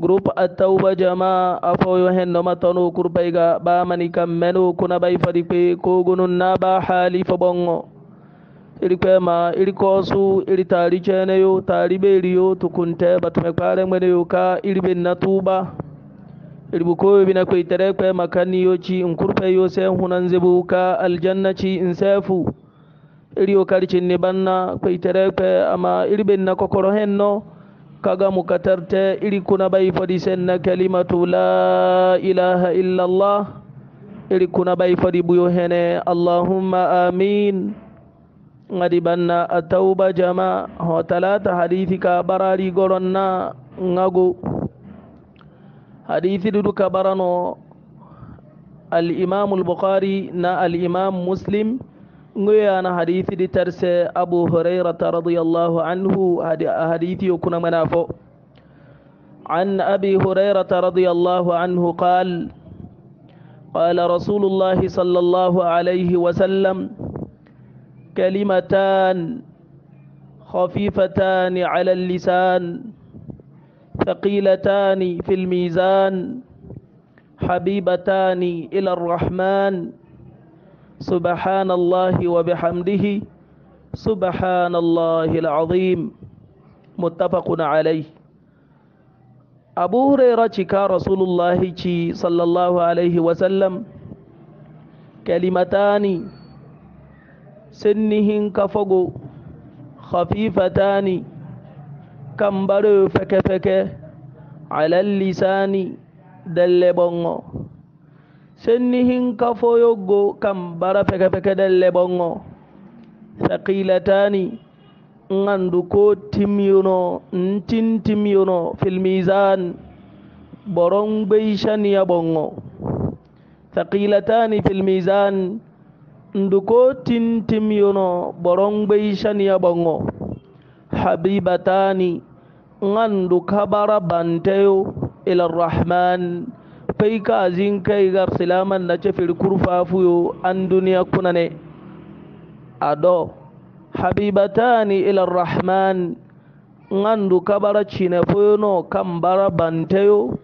groupe atauba jama afoyo henno matano mani bamani kammeno kuna bay fadi ko kogunun na ba hali fo bongo iri kwema iri kosu iri tari yo, tari yo, tukunte batume kware yo ka iri ben na tuba iri bukoyo bina kwe tere kwema kaniyo ci nkurpeyo sen hunan zebu ka aljanna ci insefu iri yo kari cinni banna kwe tere kwe ama iri ben na kokoro henno kaga mukatarte iri kuna bai fadi senna kalimatu la ilaha illa allah iri kuna bai fadi buyo hene allahumma amin ngadi banna atauba jama ho talata hadithi ka barari goronna ngagu hadithi dudu ka barano al-imam al-bukhari na al-imam muslim nguyana hadithi di tarse abu hurairata radiyallahu anhu hadithi يكون manafo عن أبي هريرة رضي الله عنه قال قال رسول الله صلى الله عليه وسلم كلمتان خفيفتان على اللسان ثقيلتان في الميزان حبيبتان إلى الرحمن سبحان الله وبحمده سبحان الله العظيم متفق عليه أبو هريرة كا رسول الله صلى الله عليه وسلم كلمتان سنهن كفقو خفيفتان كمبر فكفك على اللسان دل بونغو senni hinkafoyoggo kam bara pekepekeɗen leɓongo thaqilatani gandu ko timyuno ntin timyuno fil misan boron gbey shaniya bongo thaqilatani fil misan ndu tin timyuno boron gbey shaniya bongo habibatani gandu kabara banteyo ila rrahman pey ka azin kai gar silaman na ce fil kurfa an duniya kunane ado habibatani ila rahman ngandu kabara cine fuyo no kam bara banteyo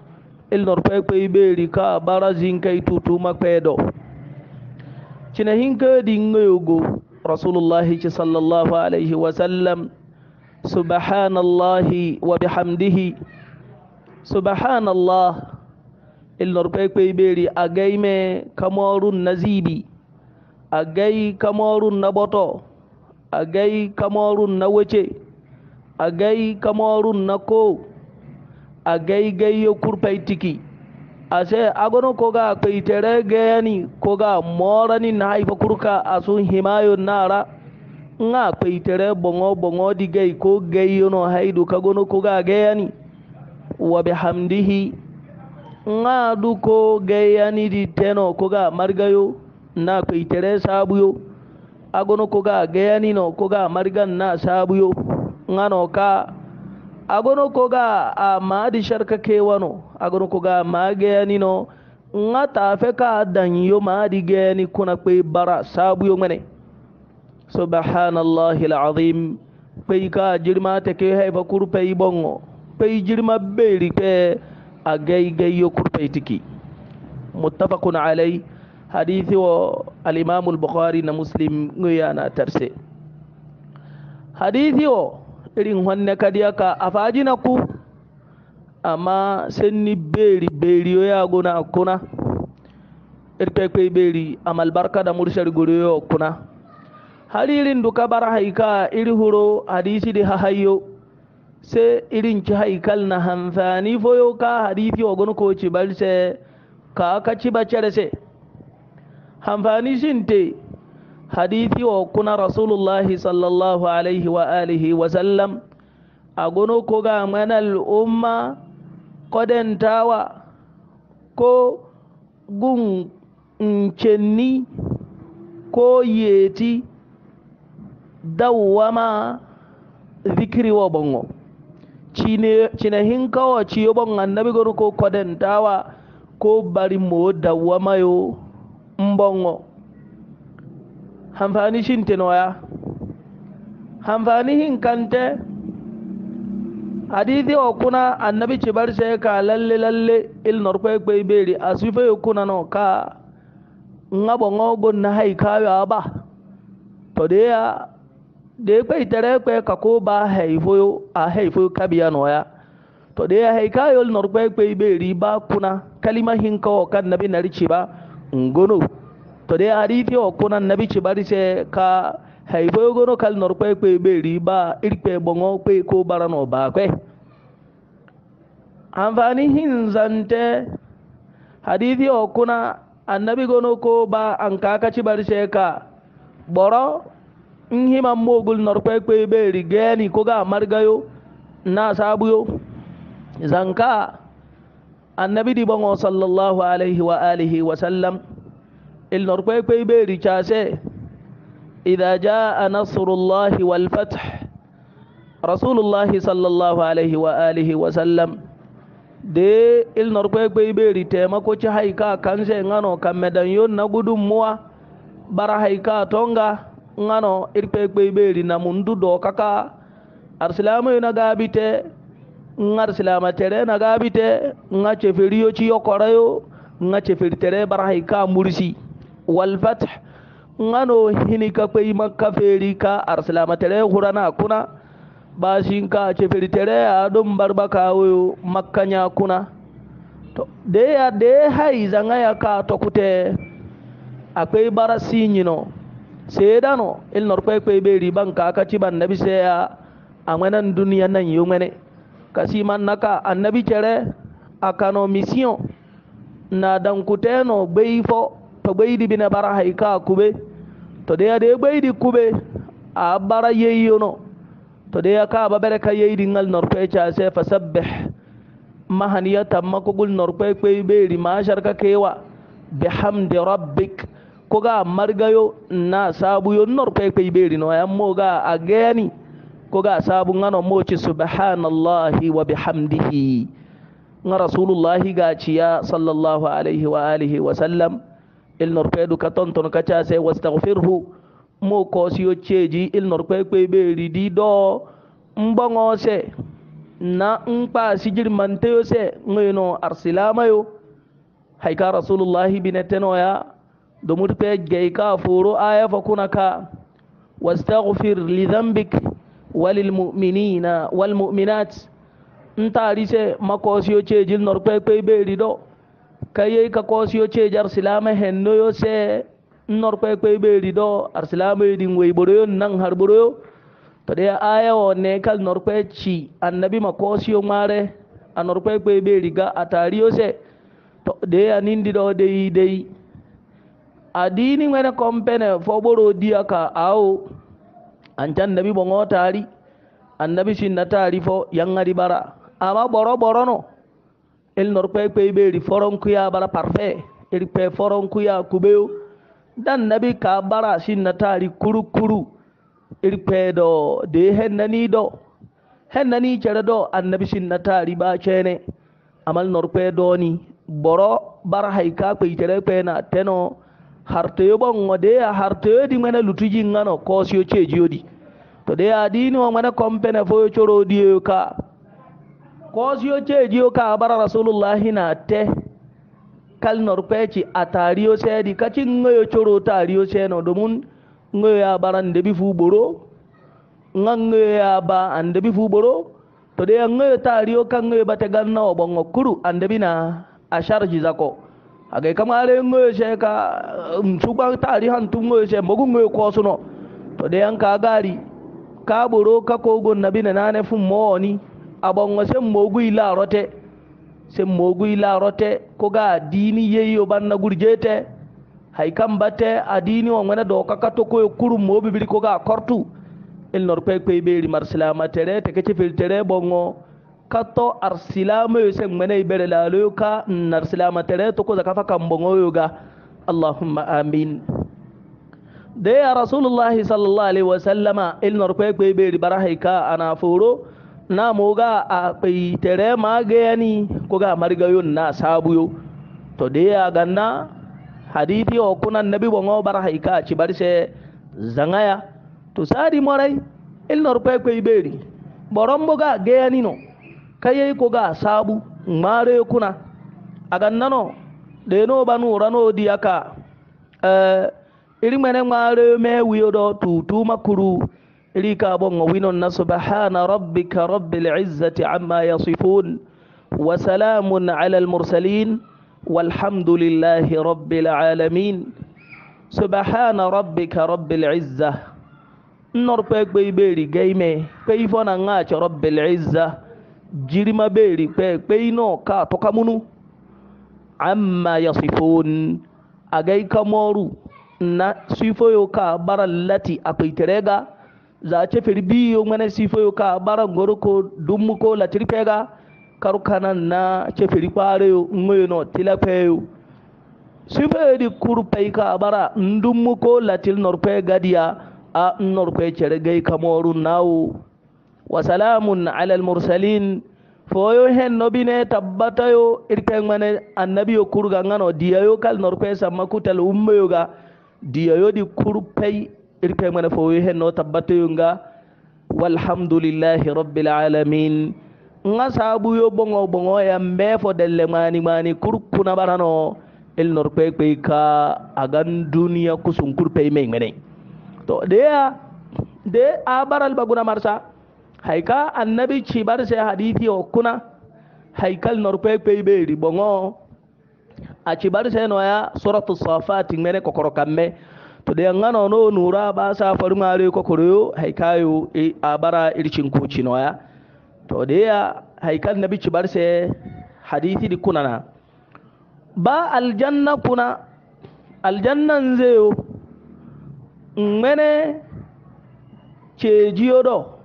il nor pey pey beri ka bara zin kai tutuma pedo cine hinka dingoyogo rasulullahi ci sallallahu alaihi wasallam subhanallahi wa bihamdihi subhanallah ilnor ɓeekpey ɓeeri a gay me kamorun nasibi a gay kamorun na boto a gay kamorun na woce a gay kamorun na ko a gay gayyo kurpey tiki a se agono koga kpey tere geyani koga morani na hay fo kurka a sun himayo nara nga kpey tere boŋo boŋodi gay ko gayyono haydu kagono koga geyani wa bihamdihi nga du ko gayani di teno koga margayo na ko itere sabuyo agono koga gayani no koga margan na sabuyo nga no ka agono koga a maadi sharka kewano agono koga ma gayani no nga tafe ka danyo maadi gayani kuna kwe bara sabuyo mene subhanallahi alazim pei ka jirma te ke haifa kurpei bongo pei jirma beri pe a gaygayo kurfaytiki muttafaqun alai hadithi o alimamu bukhari na muslim na tarse hadithi wa irin wanne kadiya ka a na ku amma senni beeri beeriyo yagona kuna beri amal barka da guri guriyo kuna hadirin duka bara haika iri huro hadisi di hahayo se irin ki haikal na hanfani foyo ka hadisi wa gun ko ci bar se ka ka ci ce se hanfani te hadithi wa kuna rasulullahi sallallahu alaihi wa alihi wa sallam a gun ko ga manal umma kodentawa ko gun ncenni ko yeti dawama zikiri wa bango cine hinkawa annabi annabigoru ko kodentawa ko bari mo mayo mbongo hanfani hamfani hin kante hadithi o kuna annabi bar sai ka lalle lalle il norkwe kwe beri asufe kuna no ka ngabo ngogo na haikayo ba to ya. de tare kwa kpe kako ba haifo a haifoyo kabiya noya to da ya haika yol nor ya kpe bai ba kuna kalima kawo kan nabi nari ci ba ngono to de ariti o kuna nabi ce bari se ka ya gono kal nor kpe kpe iberi ba irkpe bongo kpe ko bara na ba kwe amfani zante hadithi wa kuna annabi gono ko ba an kakaci bari ka boro in himan mogul norkwaikwai bai rigeni ko ga margayo na sabuyo zanka annabi di bango sallallahu alaihi wa alihi wa sallam il norkwaikwai bai ricase idha jaa nasrullahi wal fath rasulullahi sallallahu alaihi wa alihi wa sallam de il norkwaikwai bai ritaimako ci haika kanse ngano kammedan yon na gudunmuwa bara haika tonga ngano irpekpey ɓeeri namu ndu do kaka ar silamayo nagaabite ngar silama tere nagaabite nga ceferiyo ciyokorayo nga ceferi tere barahay ka mursi walfath ngano hini ka kpey makka feeri ka ar silama tere hurana kuna basin ka ceferi tere aɗom barba kawoyo makka nya kuna to deya de hay zangaya ka tokute a kpey bara siñino sedano il norkwe kwe be riban ka aka ci ban nabi sai ya a amwanan duniya nan yi mene kasi man naka annabi kere akano mission na dan kuteno bai fo to bai di bina bara haika kube to de de bai di kube a bara yeyyo no to de ka ba bere ka yeyi dingal norkwe cha sai fasabbih mahaniya tamma kugul norkwe kwe be ri ma sharka kewa bihamdi rabbik koga margayo na sabu yo nor pe pe beri no ammo ga ageni koga sabu ngano moci subhanallahi wa bihamdihi nga rasulullahi ga ciya sallallahu alaihi wa alihi wa sallam il nor pe du katon ton kacha se wastaghfirhu mo ko siyo cheji il nor pe pe beri di do mbongo se na npa sijir manteyo se ngoyno arsilamayo hayka rasulullahi binetenoya domin fe gaika furu aya fa kuna ka wastaghfir li dhanbik walil mu'minina wal mu'minat nta se makosiyo jil nor pe pe beri do kaye ka kosiyo cejar silama henno yo se nor pe pe beri do ar silama din wey boroyo nan har boroyo to de aya o ne kal nor pe chi annabi makosiyo mare a nor pe pe beri ga atari yo se to de anindi do de de a diini ŋene kompene fo ɓoro diya ka awo anca annabi ɓoŋo taari annabi sinna taari fo yaŋŋari bara ama ɓoro ɓorono el nor kpe kpe ɓeeri foronkuya bara parfait eri kpe foronkuya kubeyo da annabi ka bara sinna taari kuru kuru eri kpe do de hennani do hennani cere do annabi sinna taari ɓa cene amal nor kpe dooni ɓoro bara hay ka kpe cere kpe na teno hartoyo ɓoŋŋo deya hartoyo di ŋane lutuji ŋano koosiyo cejiyodi to deya dini o ŋane kompene fo yo coro diyeyo ka koosiyo cejiyo ka abara rasulullahi na te kal nor kweci a tariyo seedi kaci ŋoyo coro tariyo seno domun ŋoyo ya bara ndebi fu ɓoro ŋa ŋoyo ya ba andebi fu ɓoro to deya ŋoyo tariyo ka ŋoyo bate ganna o ɓoŋŋo kuru andebi na a chargi zako a ga kam are ngoyo se ka um sugba taari han tu ngoyo se mogu ngoyo koosuno to de yang ka gaari ka ɓoro ka kogo nabi ne naane fu mooni a ɓongo sen mogu i laarote sen mogu i laarote ko ga a diini yeyo ɓanna gurjeete hay kam batte a diini o ŋene do kaka tokoyo kurum moɓiɓiri ko ga a kortu elnor kpekpey ɓeeri marsilama tere te ke cefel tere ɓongo kato arsilama yo sen mene ibere la ka narsilama tere to ko kan kambongo yo ga allahumma amin de ya rasulullahi sallallahu alaihi wasallama il nor kwe kwe beri barahi ka ana furo na moga a kwe tere ma gayani ko ga marga yo na sabu yo to de ya ganna hadithi o kuna nabi bongo barahi ka ci barse zangaya to sadi morai il nor kwe kwe beri borombo ga gayani no kaye ko ga sabu mare kuna aga nano de ba banu di aka eh, iri mene mare me wiyo tutu makuru iri ka bon wino na subhana rabbika rabbil izzati amma yasifun wa salamun ala al mursalin والحمد لله رب العالمين سبحان ربك رب العزه نور بيك بيبيري جيمي كيف انا رب العزه jirima beeri kpɛɛkpɛi nɔ kaa tɔkamunu amma yasifon ika kamoru na yi ka bara lati akwaitirega za ce yi yo sifo yi ka bara ngoro ko Dumu ko Karo kana na ce firi kware yo ngoyo no sifo yi di yi ka bara ndummu ko lati norpe gadiya a norpe ceregai kamoru nawo wa salamun alal mursalin foyo hen nobine tabbatayo irtengmane annabiyo kurga ngano diyayo kal norpe samma kutal ummayoga diyayo di kurpey irtengmane foyo hen no tabbatayo nga walhamdulillahi rabbil alamin nga yo bongo bongo ya mbefo delle mani mani kurkuna barano il norpe kwe ka agan duniya kusun kurpey mengmene to de ya de abaral baguna marsa hay ka annabi cibar se hadisi o kuna haykal norpe pey ɓeeri boŋo a cibar se noya suratu safati mene kokoro kamme to ɗe ga nono nuro a ɓa sa farugare kokoroyo hay kayo a ɓara ircinkuci noya to ɗeya haykal nabi cibar se hadisi ɗi kunana ba aljanna kuna aljanna nzeyo mene ceejiyo ɗo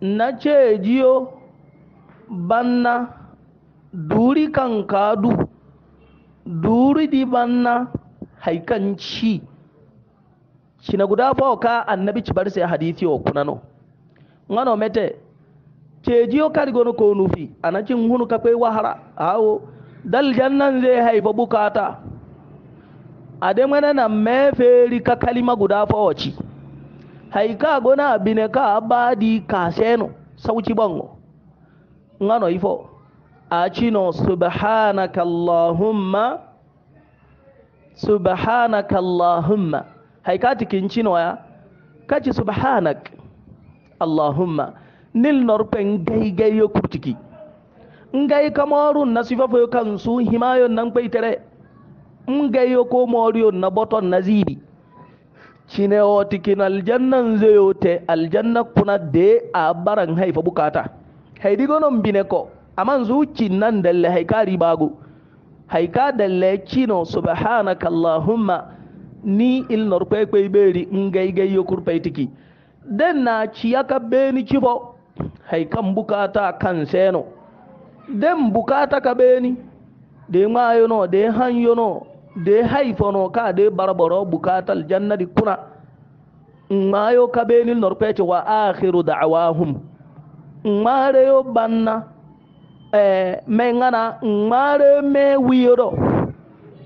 naceejiyo banna duuri kankaadu duuri ɗi banna hay kanci cina guda fo ka annabi cibar se hadisi o kunano ngano mete ceejiyo kari gono ko nufi anacin hunu kakwe wahara awo dal jannan ze hay fo bukata ade mene na meferi ka kalima guda fo o ci Hai ka gona bine ka abadi ka seno sauci bango ngano ifo a cino subhanaka allahumma subhanaka allahumma Hai ka tikin cino ya kaci subhanak allahumma nil norpen gaigai yo kurtiki ngai kamoru na sifafo yo kansu himayon nan kwaitere ngai yo ko moriyo na boton na zibi cinewoti kina aljanna nzeyote aljanna kuna de a baran hay fa bukata hay digonon bine ko aman zu cinnan delle hay ka ribagu hay ka delle cino subhanaka allahumma ni il nor kwekwey ɓeeri ngeygey yokur paytiki den na ciyaka beni cifo hay kam bukata kan seno den bukata ka beni de ngayono de hanyono de haifono ka de barbaro bukatal jannadi kuna mayo kabenil norpece wa akhiru da'wahum mare yo banna eh mengana mare me wiro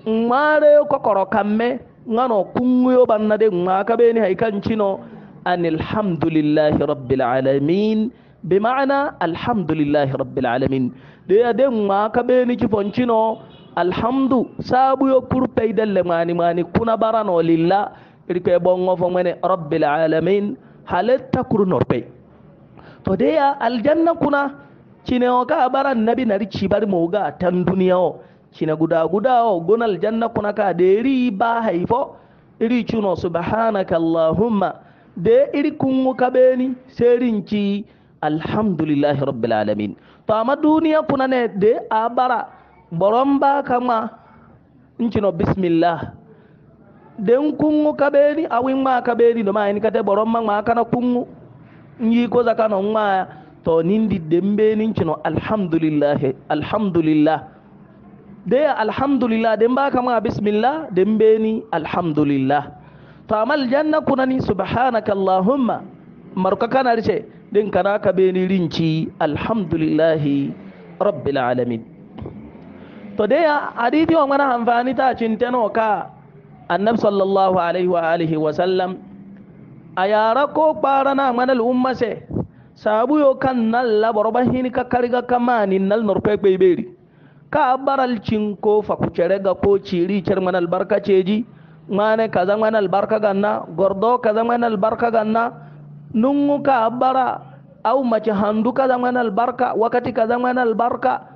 mare kokoro kamme ngano kunyo banna de ngaka beni haikan chino anil hamdulillahi rabbil alamin ma'ana alhamdulillahi rabbil alamin de de ngaka beni chifonchino alhamdu sabuyo kurpeydalle mani mani kuna barano lilla irke bongo fo mene rabbil alamin haletta kuru norpey to ya aljanna kuna cine o ka baran nabi nari mo ga tan duniya o cine guda guda o gonal aljanna kuna ka ri ba hayfo iri cuno subhanaka allahumma de iri kungo kabeni serinci alhamdulillahi rabbil alamin to ma duniya kuna ne de a bara boron ba kama nkino bismillah den kungu kabeni awin ma kabeni do ma en kate boron ma ma kana kungu nyi ko zaka no ma to nindi dembe nin kino alhamdulillah alhamdulillah de alhamdulillah den ba kama bismillah dembe ni alhamdulillah to amal janna kunani subhanaka allahumma marka kana rice din kana kabeni rinci alhamdulillah rabbil alamin to dai hadithi wa mana amfani ta cintano ka annab sallallahu alaihi wa alihi wa sallam a yara ko kpara na mana al'umma se sabu yo kan nan labar ban hini ka karga kama ni nal norfe kpeberi ka baral ko fa kucere ga ko ciri cer mana albarka ceji mane kaza mana albarka ganna gordo kaza mana albarka ganna nungu ka bara au mace handu kaza mana albarka wakati kaza mana albarka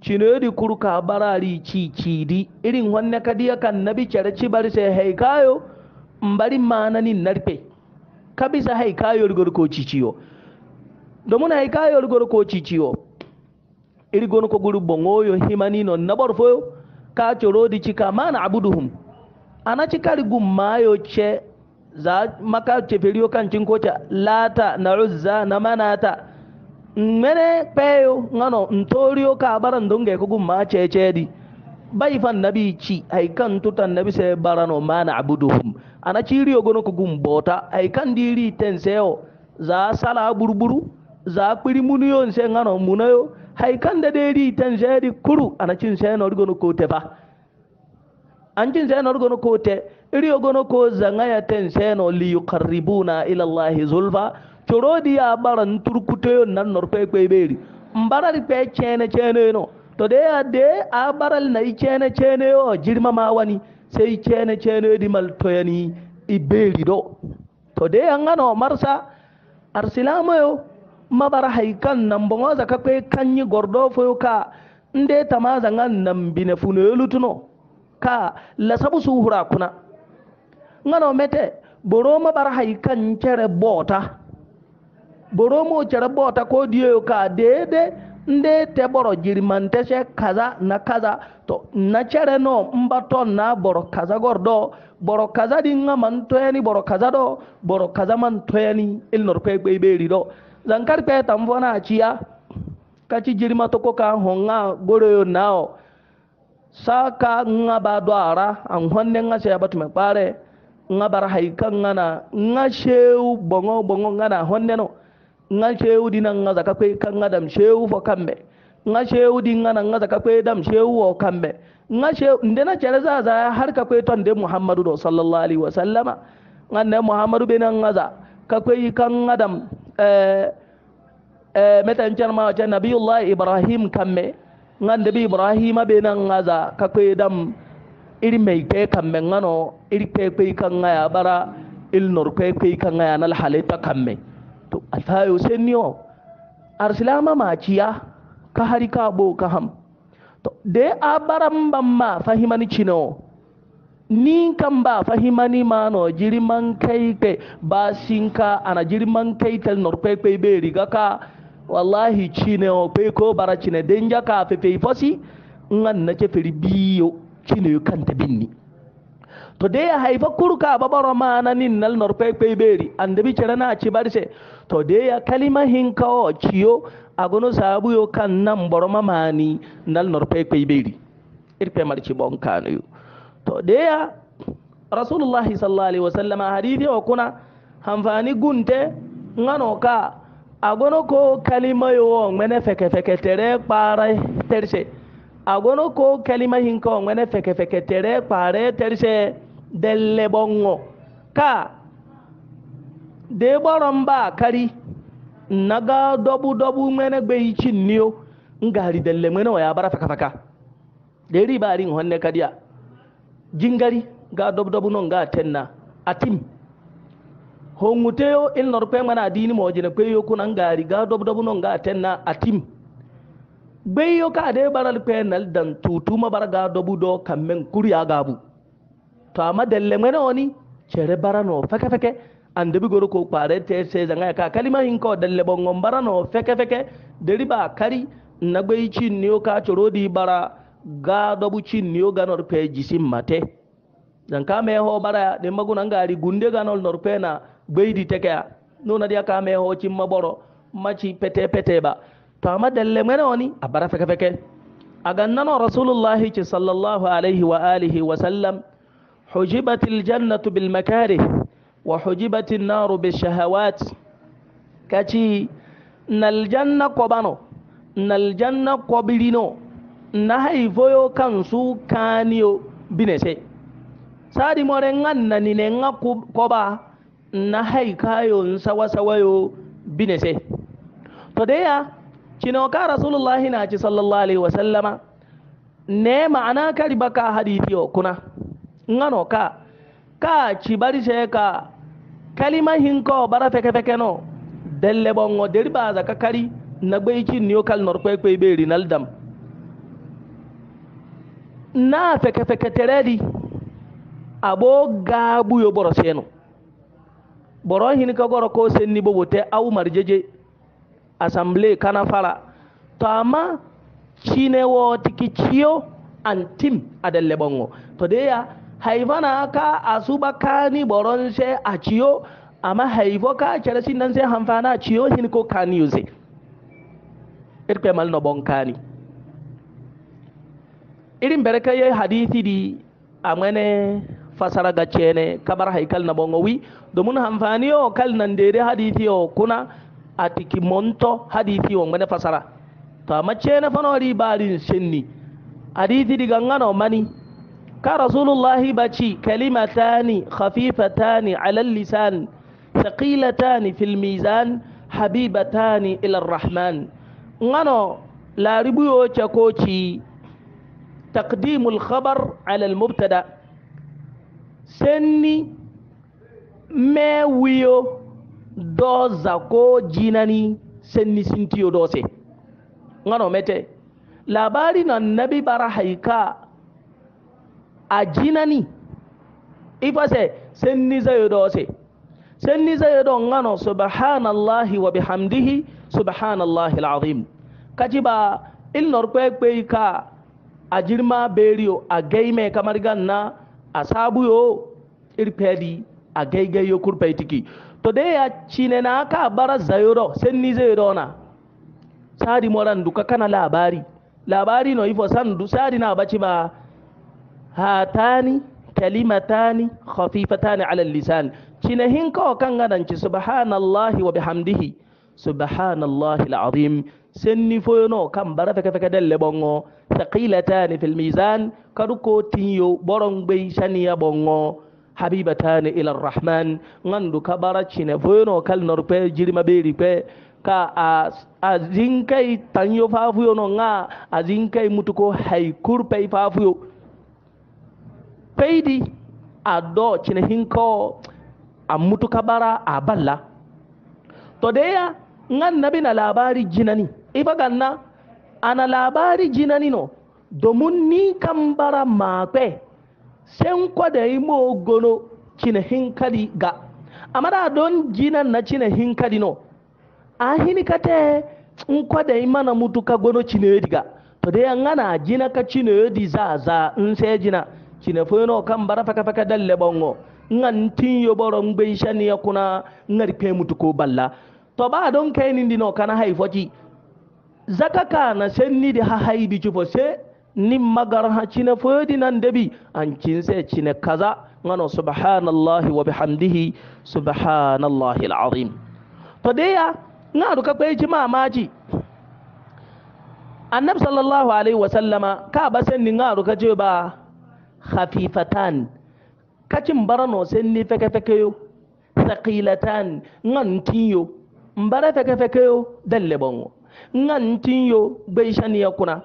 cinoyodi kuru ka barari cicidi irin honne kadiya kan nabi cere cibari se haikayo mbari manani narpe kabisa haikayo irgor ko ciciyo domun haikayo irgor ko ciciyo irgon ko guru bongoyo himani non nabor foyo ka corodi cika mana abuduhum ana cikari gummayo ce za maka ce feriyo kan cinko ce lata na uzza na manata mene peyo ngano ntorio ka baran donge ko gumma cecedi bai fan nabi ci ai kan tutan nabi se barano mana abuduhum ana ciriyo gono ko bota ai kan diri tenseo za sala burburu za kpiri muniyon nse ngano munayo hai kan da deri ten sedi kuru ana cin sai no gono ko tefa an cin sai no gono ko te iriyo gono ko zangaya ten sai no li ila allahi zulfa coroɗi ya ɓara n turkuteyo nan nor pe kpe ɓeri mbarari pe cene ceneno to de a de a ɓaral nayi cene ceneyo jirma ma wani sei cene ceneɗi mal toyani i ɓeri ɗo to de a gano marsa arsilamoyo mabara hay kan nan bogosa ka kpe kanyi gordo foyo ka nde tamasa gan nan bine funoyolutuno ka lasabu suhura kuna gano mete boro mabara hay kan cere ɓota boromo cere ta ko diyo ka dede nde te boro jirimantese kaza na kaza to na cere no mba ton na boro kaza gordo boro kaza di nga man toyani boro kaza do boro kaza man toyani il nor pe gbe beri do zankar pe tamvona ciya kaci jirima to ko ka honga goroyo nao saka nga ba do ara an honne nga se abatu me pare nga bar haika nga na nga sheu bongo bongo nga na honne no nga shehu dina nga zaka kwe kan nga dam shehu fo kambe nga shehu di nga na nga zaka kwe dam shehu wo kambe nga shehu ndena chere za za har ka kwe ton de muhammadu do sallallahu alaihi wasallama nga ne muhammadu be nan nga za ka kwe kan nga dam eh eh metan chan ma chan nabiyullah ibrahim kambe nga de bi ibrahim be nan nga za ka kwe dam iri mai kai kambe ngano iri kai kai kan nga ya bara il nor kai kai kan nga ya nal halita kambe alfayo senior arsilama maciya ka hari ka bo ka ham to de abaram bamma fahimani chino ni kan ba fahimani ma no jirman kai kai ba sinka ana jirman kai tal nor pe kai be riga ka wallahi chine o pe ko bara chine denja ka fe fe fosi ngan na ke feri biyo chine kanta binni to de haifa kurka babaro ma na nal nor pe kai beri ande bi cerana ci barse to de ya kalima hinka o ciyo agono sabu yo kan nan boroma mamani nal norpe pe beri irpe marci bon kanu to de ya rasulullah sallallahu alaihi wasallam hadithi o kuna hanfani gunte ngano ka agono ko kalima yo o ngene feke feke tere pare terse agono ko kalima hinka o ngene feke feke tere pare terse delle bongo ka de gboro mba kari naga dobu dobu mene gbe ichi niyo ngari delle mene ya bara faka faka de ri bari honne kadiya jingari ga dobu dobu non ga tenna atim honguteyo il nor pe mana dini mo jene pe yo kuna ngari ga dobu dobu non ga tenna atim gbe yo ka de baral pe nal dan tutuma bara ga dobu do kamen kuriya gabu to amma delle mene oni chere bara no faka faka ande bigoro ko kpare te seza ngaya ka kalima ko dalle bongo mbara no feke feke deriba kari na gbe ichi niyo ka choro di bara ga bu chi niyo ga nor pe jisim mate dan ka me ho bara de maguna ngari gunde ga nor nor pe na gbe di teke ya no na dia ka me ho chi maboro machi pete pete ba to amma dalle mena oni abara feke feke aga nano rasulullahi sallallahu alaihi wa alihi wa sallam hujibatil jannatu bil makarih wa hujibatin naru bi shahawat kaci naljanna kobano naljanna kobirino na haifoyo kansu kaniyo binese sadi more nganna nine nga koba na haikayo yo binese to deya cinoka rasulullahi ci sallallahu alaihi wasallama ne ma'ana kari baka hadithi o kuna ngano ka ka cibari seeka kalima hinko bara feke fekeno delle ɓongo deri basa ka kari na gɓeycin niyo kal nor kwey kwey ɓeerinal dam na feke feke teredi abo gaɓuyo ɓoro seeno ɓoro hin ka goro ko senni ɓo wote aw mar jeje assemblé kana fala to amma cinewotiki ciyo an tim adelle ɓongo to deya haifana ka asuba kani boron se a ciyo amma haifo ka kere sin nan se hanfana ciyo hin ko ni yuse irpe mal nobon bon kani irin berka ye hadisi di amene fasara ga cene kabar haikal na bongowi wi domin hanfani o kal nan dere hadisi yo kuna tiki monto hadisi o mene fasara to amma cene fanori barin senni hadisi diga ngano mani كرسول الله باتشي كلمتان خفيفتان على اللسان ثقيلتان في الميزان حبيبتان إلى الرحمن غنو لا ربيو تشاكوشي تقديم الخبر على المبتدا سني ماويو دوزا كو جيناني سني سنتيو دوسي غنو متى labari na nabi bara ajinani ifase senni zayodo se senni do ngano subhanallahi wa bihamdihi subhanallahi alazim kajiba il norpe pe ka ajirma beriyo agaime kamar ganna asabu yo irpedi agaigai yo kurpaitiki to de ya cine na ka bara zayodo senni zayodo na sari moran duka kana labari labari no ifo sandu sari na baci ba هاتان كلمتان خفيفتان على اللسان تنهين كو كان سبحان الله وبحمده سبحان الله العظيم سني فونو كم برفك فكدل بونو ثقيلتان في الميزان كركو تيو برون بي بونو بونغو حبيبتان إلى الرحمن غندو كبارة تشين فونو كال نوربي جيرما بيري بي كا أزينكي تانيو tanyo fafuyo no nga a jinkai mutuko haikur pei feydi a do cine hinko a mutuka bara a balla to deya ya nabi na labari jinani ifa ganna ana labari jinani no domin ni kan bara makwe sen kwada yi mo gono cine hinkadi ga amada don jinan na cine hinkadi no a hinikate in kwada yi mana mutuka gono cine ga, to ya ngana jina ka cine di za za in sai jina cine foyino kan bara faka faka dalle bongo ngan tin yo boro ngbe shani ya kuna ngari pe mutu ko balla to ba don kai nin dino kana hay foci zaka kana senni de ha hay bi ci se ni magar ha cine foyodi nan debi an cin se cine kaza ngano subhanallahi wa bihamdihi subhanallahi alazim to de ya ngadu ka pe ci mamaji annabi sallallahu alaihi wasallama ka ba senni ngadu ka je ba khafifatan kacin barano sen ni feke feke yo thaqilatan ngan tiyo mbara feke feke yo dalle bongo ngan tiyo gbeishani yakuna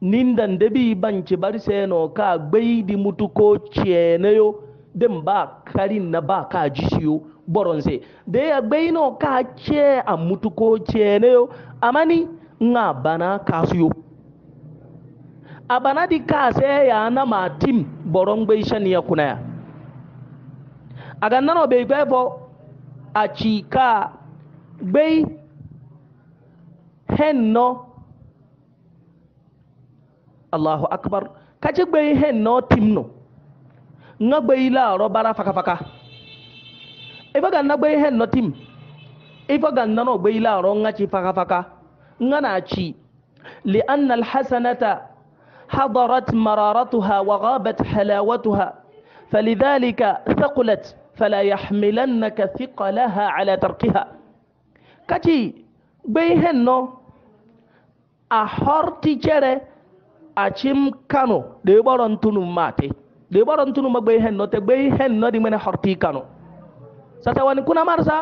nindan debi banci bari seno ka gbeidi mutu ko ciene yo den ba karin na ba ka jishiyo boronse de ya no ka ce a mutu ko ciene yo amani nga bana kasuyo abana di kase ya na ma tim boron gbe shani ya kuna ya aga no be gbe fo a ci ka gbe hen no allahu akbar ci gbe hen no tim no nga gbe ila ro bara faka faka e ga na gbe hen no tim ifa ga no gbe ila ro nga ci faka faka nga na ci li anna al hasanata حضرت مرارتها وغابت حلاوتها فلذلك ثقلت فلا يحملنك ثقلها على تركها كتي بيهنو أحرتي جري أشم كانو ديبارن تنو ماتي ديبارن تنو ما بيهنو تبيهنو دي من حرتي كانو ستواني كنا مرسا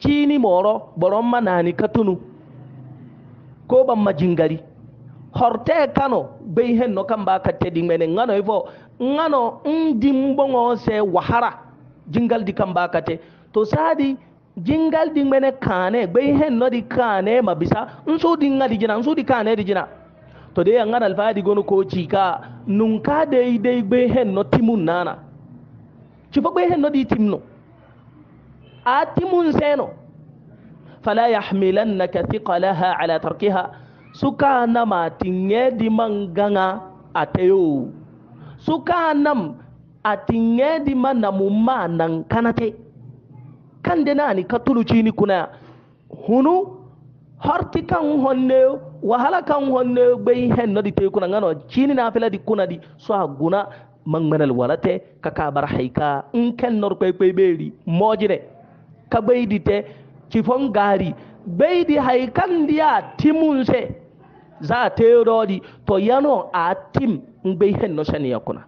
تيني مورو boron ناني كتنو كوبا ban majingari horte kano bai hen no kan baka katte dingmene ngano ifo ngano ndi mbongo se wahara jingal di kan baka katte to sadi jingal dingmene kane bai hen no di kane mabisa nso di ngadi jina nso di kane di jina to ngana alfa di gono ko chika nun ka dai dai bai hen no timun nana chifa bai hen no di timno a timun seno fala yahmilannaka thiqalaha ala tarkiha suka nama tinye di a ateo suka nam atinye di mumma nan kanate kan de ni katuluci ni kuna hunu horti kan honne wahala kan honne be hen no di te kuna ngano chini na fela di kuna di so aguna mangmanal walate kaka bar haika in kan nor kwe kwe beri mojire ka bai di te cifon gari bai haikan diya timunse za a terori to yano a tim ngbe ihe nnọchani ya kuna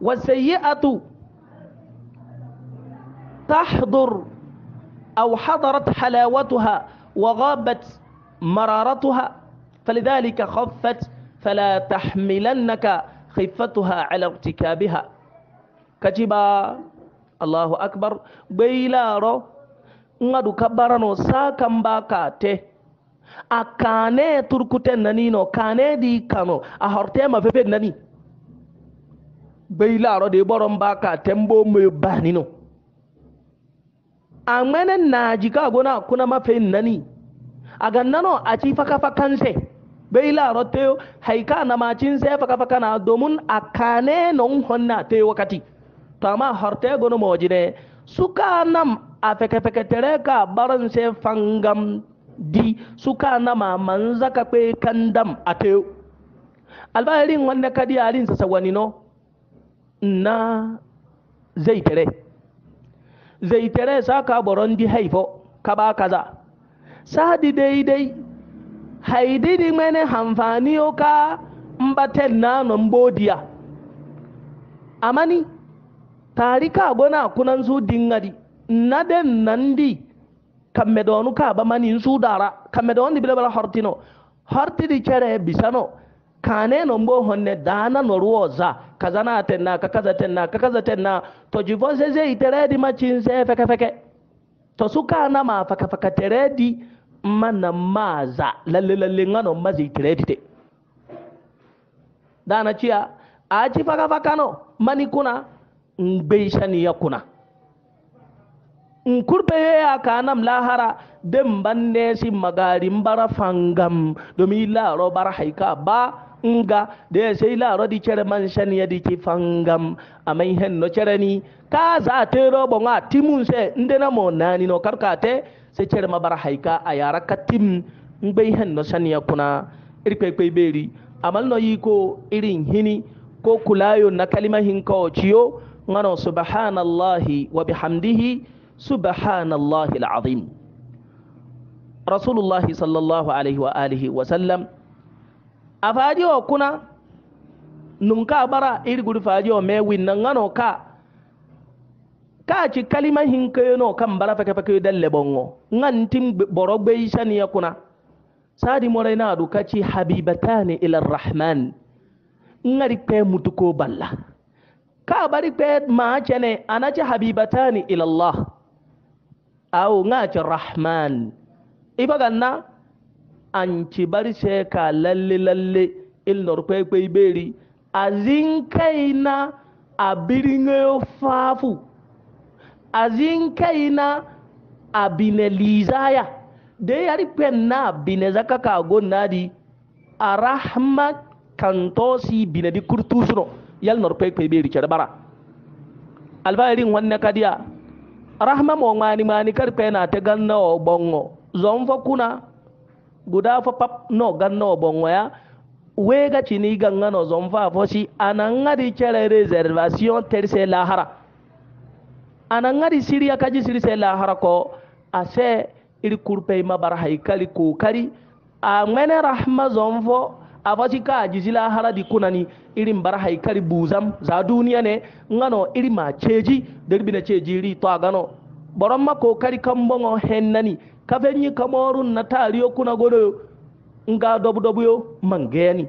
والسيئة تحضر أو حضرت حلاوتها وغابت مرارتها فلذلك خفت فلا تحملنك خفتها على ارتكابها كتبا الله أكبر بيلارو ngadu kabarano sa kan baka te a kane turkuten nani no kane di kano a horte ma fefe nani bai laro da boron baka tembo mai bani no a na jika gona kuna mafe nani a gannano a ci faka fakanse bai laro te haika na macin sai faka faka na domin a kane non honna te wakati to amma horte gono mojine suka nam a feke feke tere ka baran sai fangam di suka nama man ka kwe kandam ateo albayari wanda di yarin sa sawani no na zaitere zaitere saka boron di haifo ba kaza Sa sadi daidai haididi mene hamfani ka mbaten na no mbodiya amani tarika bona kunan su dingadi na den nan di kamme donu ka ba manin su dara kamme don di bala hortino horti di kere bisano kane no mbo honne dana no ruoza kazana tenna kaza tenna kakaza tenna to jivon seze itere di machin se feke feke to suka na ma faka faka tere di mana maza lalle lalle ngano mazi itere di te dana chia achi faka faka no mani kuna mbeisha ni ya kuna in kurɓe yeya kanam lahara den bannesi magari n bara fangam domi laro bara hayka ba nga de sey laro di cere man saniyadi ci fangam amay hen no cereni ka sa teroɓo ga timum se ndenamo nanino karka te se cerema bara hayka a yara ka tim n ɓey hen no saniya kuna iri kpekpey ɓeeri amal no yiko irin hini ko kulayo na kalima hinkawo ciyo gano subhanallahi wa bihamdihi سبحان الله العظيم رسول الله صلى الله عليه وآله وسلم أفاجئ كنا nunka bara iri guri fajo me winna ngano ka ka ci kalima hinke no kan bara fake fake dalle bongo ngantin boro be shani yakuna sadi morai na du kaci habibatani ila rahman ngari pe mutuko balla ka bari pe ma chene anaci habibatani ila allah aw nga ce rahman iba ganna an ci bari se ka lalle lalle il nor kwe kwe beri azin kaina a biringe fafu azin kaina a bine lizaya da yari na bine zaka ka go a rahma kantosi bine di kurtusuno yal nor kwe kwe beri ce bara yari wannan kadiya rahma mo mani mani kar pena te ganna o bongo zon fa kuna guda fa pap no ganna o bongo ya we wega chini ganga no zon fa fo si ananga di chere reservation terse lahara ananga di siriya kaji siri se lahara ko ase iri kurpe ma bar haikali ko kari a mene rahma zon fo a fo si ka ji lahara di kunani irin bara hay kari buusam za duniya ne ngano iri ma ceeji derbi na ceejiri to a gano boromma ko kari kambongo hen nani kafeñi kamorun na taariyo kuna godoyo nga dobu dobu yo man geeni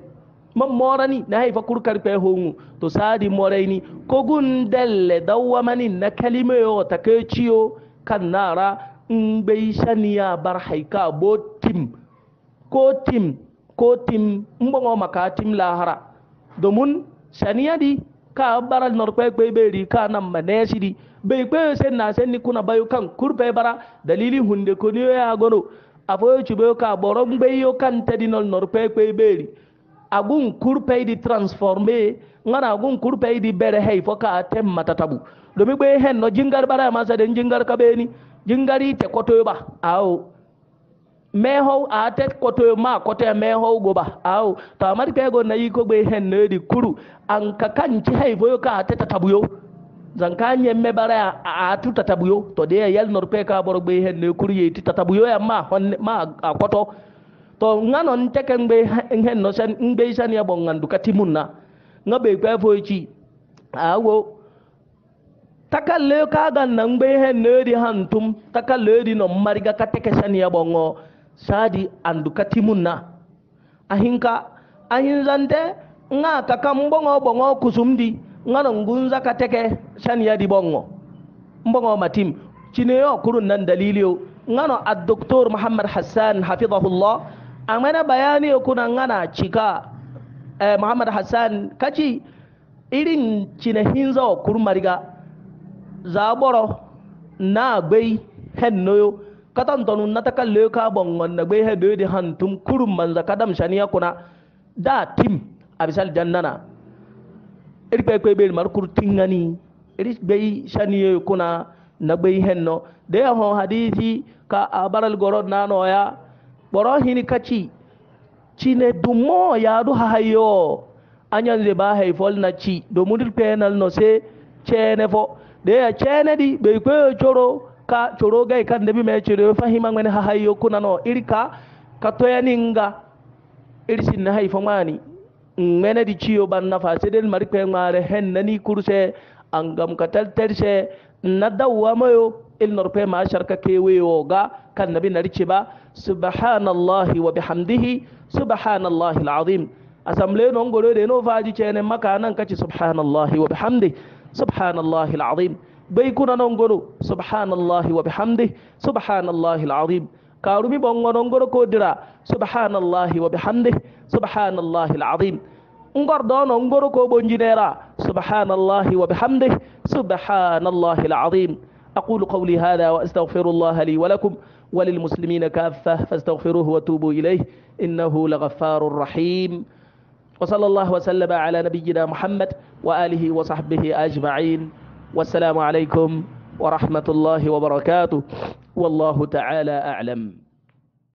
ma morani na hay fa kuru kari kwe hongu to saadi morayni kogun delle dawwamani na kalime yo ta keciyo kan nara ngbei saniya bar hay ka bo tim ko tim ko tim mbongo maka tim lahara domin di ka baral norpe be ri ka nan di bai kwe se na sen ni kuna bayo kan kurpe bara dalili hunde ko ni ya gono afoyo chube ka boro mbe yo kan tedinol norpe kwe beri agun kurpe di transforme ngana agun kurpe di bere hay fo ka tem matatabu domi kwe hen no jingar bara ma sa den jingar ka ni jingari te koto ba awo mehow ate koto ma koto mehow goba ke go nayi ko be hen ne di kuru an ka kanci hay voyo ka ate nye me a atu tatabuyo to de yel nor pe ka bor be hen ne kuru ye ti tatabuyo ya ma hon ma a koto to ngano nteke ngbe hen no sen ngbe ya bon ngandu pe awo takalle ka ga nan hen ne di sadi anduka timunna ahinka ahin zante nga kaka mbongo bongo kusumdi ngano ngunza kateke shan yadi bongo mbongo matim yo kurun nan nga ngano a doktor muhammad hassan hafidhahullah amana bayani kuna ngana cika eh, muhammad hassan kaci irin cine hinza kurmariga zaboro na gbei hennoyo katan tonun nata kalle ka bongon na gbe hebe de hantum kurum manza kadam shaniya kuna da tim abisal jannana iri kpe kpe beri markur tingani iri gbe shaniye kuna na gbe henno de ya ho hadisi ka abaral gorod nano ya boro hini kachi cine dumo ya du hayo anyan ze ba haifol na ci domin penal no se cene fo de ya cene di bai choro ka coro gai kan da bi mai ciro fahima ngani ha hayo kuna no irka ka toya ninga irsin na haifa mani ngene di ciyo ban na fa sedel mari pe ngare hen nani kurse angam ka taltarse na dawwa mayo il norpe ma sharka kewe ga kan nabi na rice ba subhanallahi wa bihamdihi subhanallahi alazim asamble non goro de no faji cene maka nan kace subhanallahi wa bihamdihi subhanallahi alazim بيكون نونغرو سبحان الله وبحمده سبحان الله العظيم كارمي بونغ نونغرو كودرا سبحان الله وبحمده سبحان الله العظيم نغر دون نونغرو كوبونجينيرا سبحان الله وبحمده سبحان الله العظيم أقول قولي هذا وأستغفر الله لي ولكم وللمسلمين كافة فاستغفروه وتوبوا إليه إنه لغفار رحيم وصلى الله وسلم على نبينا محمد وآله وصحبه أجمعين والسلام عليكم ورحمة الله وبركاته والله تعالى أعلم